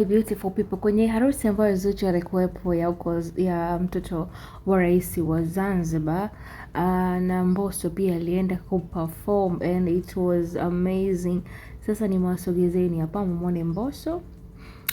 my beautiful people, kwenye harusi ambayo Zuchu alikuwepo ya uko ya mtoto wa rais wa Zanzibar uh, na Mbosso pia alienda kuperform and it was amazing. Sasa nimewasogezeni hapa mumwone Mbosso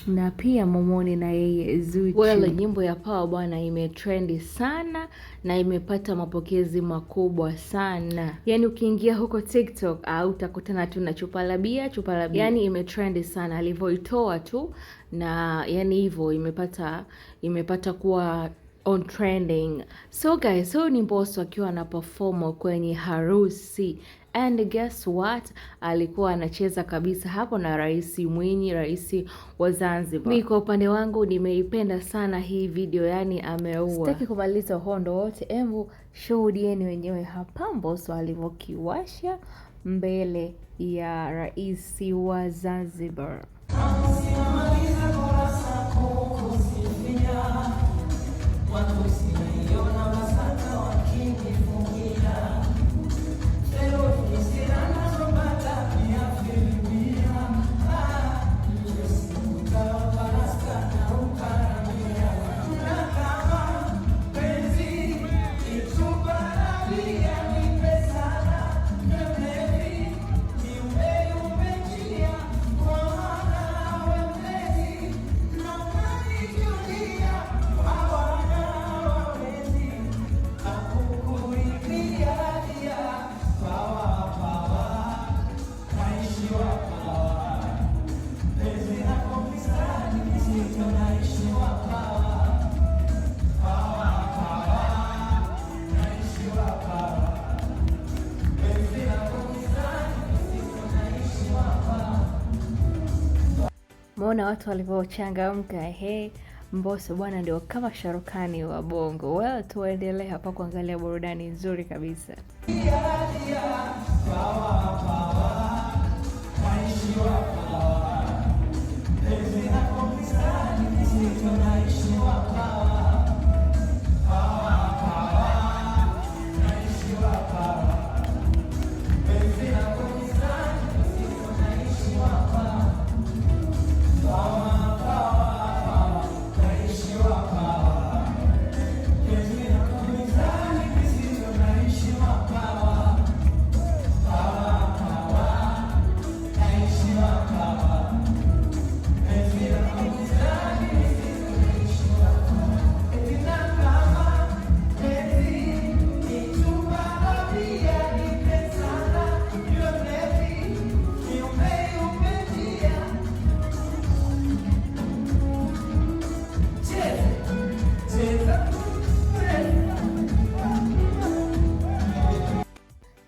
na pia Momoni na yeye Zuchu. Well, nyimbo ya Pawa bwana imetrendi sana na imepata mapokezi makubwa sana, yaani ukiingia huko TikTok au ah, utakutana tu na chupa la bia, chupa la bia, yaani imetrendi sana alivyoitoa tu na yani hivyo imepata imepata kuwa on trending. So guys, huyu so ni Mbosso akiwa ana perform kwenye harusi and guess what, alikuwa anacheza kabisa hapo na Rais Mwinyi, rais wa Zanzibar. Mimi kwa upande wangu nimeipenda sana hii video, yani ameua. Sitaki kumaliza hondo wote, embu shuhudieni wenyewe hapa Mbosso alivyokiwasha mbele ya rais wa Zanzibar. Umeona watu walivyochangamka, he Mbosso bwana ndio kama sharukani wa Bongo. Well, tuendelee hapa kuangalia burudani nzuri kabisa.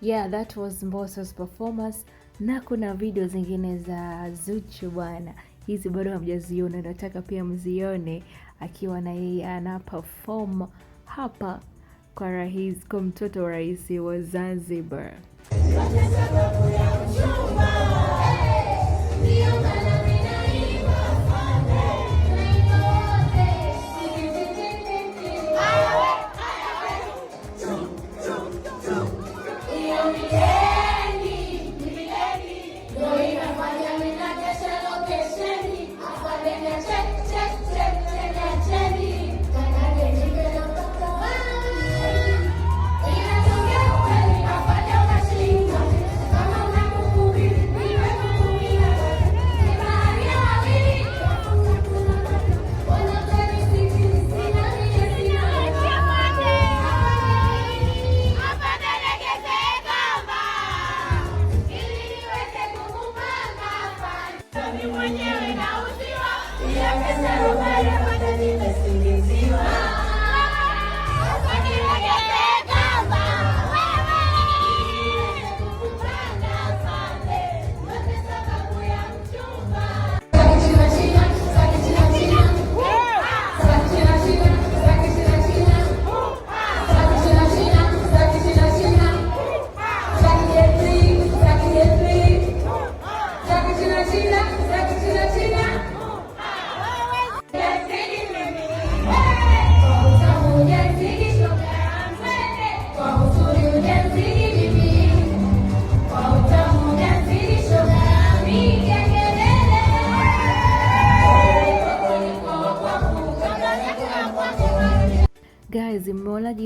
yeah, that was Mbosso's performance, na kuna video zingine za Zuchu bwana, hizi bado hamjaziona, nataka pia mzione akiwa na yeye ana perform hapa kwa rais, kwa mtoto wa rais wa Zanzibar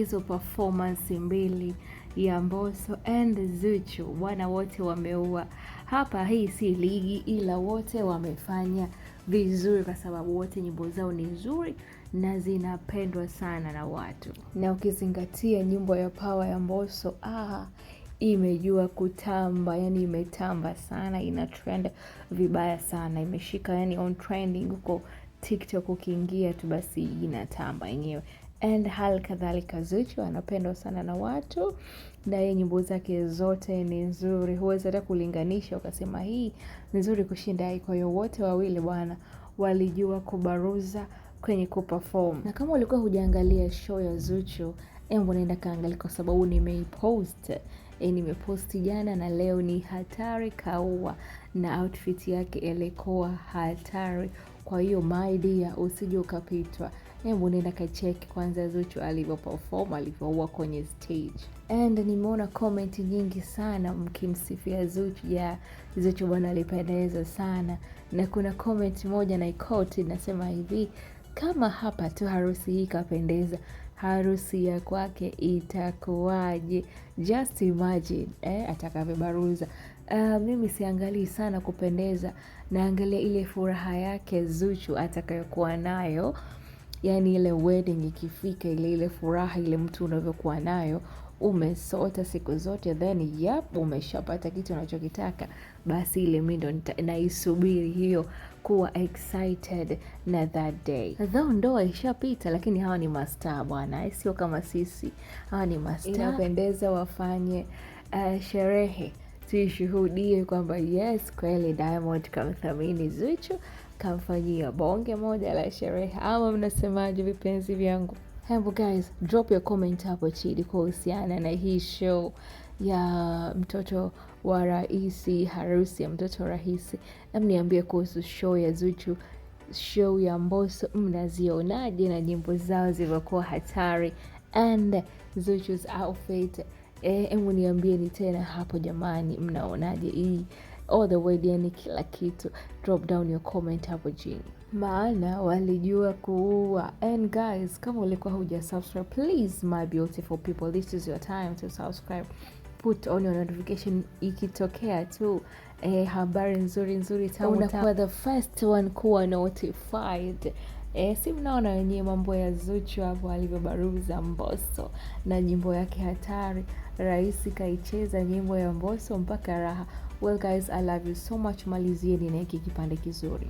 hizo performance mbili ya Mbosso and Zuchu, bwana, wote wameua hapa. Hii si ligi, ila wote wamefanya vizuri kwa sababu wote nyimbo zao ni nzuri na zinapendwa sana na watu, na ukizingatia nyimbo ya Power ya Mbosso ah, imejua kutamba, yani imetamba sana, ina trend vibaya sana, imeshika yani on trending huko TikTok, ukiingia tu basi inatamba yenyewe and hali kadhalika Zuchu anapendwa sana na watu na yeye nyimbo zake zote ni nzuri, huwezi hata kulinganisha ukasema hii ni nzuri kushinda hii. Kwa hiyo wote wawili bwana walijua kubaruza kwenye kuperform, na kama ulikuwa hujaangalia show ya Zuchu, embo naenda kaangalia, kwa sababu nimeipost E, nimeposti jana na leo. Ni hatari kaua, na outfit yake ilikuwa hatari. Kwa hiyo my dear, usije ukapitwa hebu nenda kacheki kwanza Zuchu alivyoperform alivyoua kwenye stage. And nimeona comment nyingi sana mkimsifia Zuchu, ya Zuchu bwana alipendeza sana, na kuna comment moja na ikoti inasema hivi kama hapa tu harusi hii ikapendeza, harusi ya kwake itakuwaje? Just imagine eh, atakavyobaruza. Uh, mimi siangalii sana kupendeza, naangalia ile furaha yake Zuchu atakayokuwa nayo yani ile wedding ikifika, ile ile furaha ile mtu unavyokuwa nayo umesota siku zote, then yap, umeshapata kitu unachokitaka basi, ile mi ndo naisubiri hiyo, kuwa excited na that day. Though ndoa ishapita, lakini hawa ni mastaa bwana, sio kama sisi. Hawa ni mastaa, inapendeza wafanye uh, sherehe tuishuhudie kwamba yes, kweli Diamond kamthamini Zuchu, kamfanyia bonge moja la sherehe, ama mnasemaje vipenzi vyangu? Hebu guys, drop your comment hapo chini kuhusiana na hii show ya mtoto wa rahisi, harusi ya mtoto rahisi. Niambie kuhusu show ya Zuchu, show ya Mbosso, mnazionaje na nyimbo zao zilivyokuwa hatari, and Zuchu's outfit Eh, hebu e, niambieni tena hapo jamani, mnaonaje hii all the way yani kila kitu? Drop down your comment hapo chini, maana walijua kuua. And guys, kama ulikuwa huja subscribe, please my beautiful people, this is your time to subscribe. Put on your notification ikitokea tu eh, habari nzuri nzuri unakuwa the first one kuwa notified. E, si mnaona wenyewe mambo ya Zuchu hapo alivyobaruza Mbosso na nyimbo yake hatari. Rais kaicheza nyimbo ya Mbosso mpaka raha. Well guys, I love you so much. Malizieni na hiki kipande kizuri